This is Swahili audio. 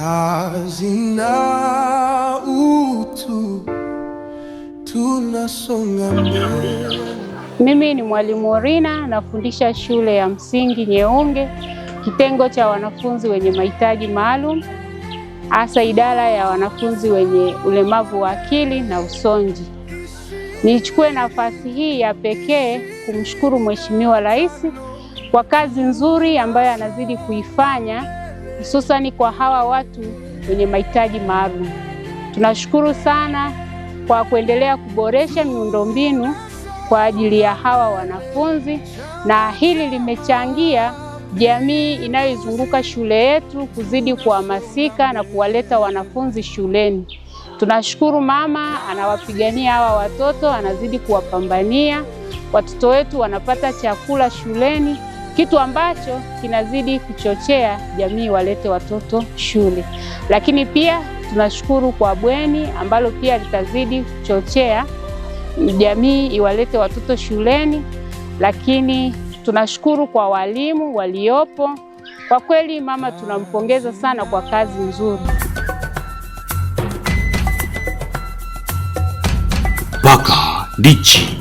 kazi na utu tunasonga mbele. Mimi ni mwalimu Orina, nafundisha shule ya msingi Nyeunge, kitengo cha wanafunzi wenye mahitaji maalum, hasa idara ya wanafunzi wenye ulemavu wa akili na usonji. Nichukue nafasi hii ya pekee kumshukuru Mheshimiwa Rais kwa kazi nzuri ambayo anazidi kuifanya hususani kwa hawa watu wenye mahitaji maalum. Tunashukuru sana kwa kuendelea kuboresha miundombinu kwa ajili ya hawa wanafunzi, na hili limechangia jamii inayoizunguka shule yetu kuzidi kuhamasika na kuwaleta wanafunzi shuleni. Tunashukuru mama anawapigania hawa watoto, anazidi kuwapambania watoto wetu, wanapata chakula shuleni kitu ambacho kinazidi kuchochea jamii walete watoto shule. Lakini pia tunashukuru kwa bweni ambalo pia litazidi kuchochea jamii iwalete watoto shuleni, lakini tunashukuru kwa walimu waliopo. Kwa kweli mama tunampongeza sana kwa kazi nzuri. Mpaka dichi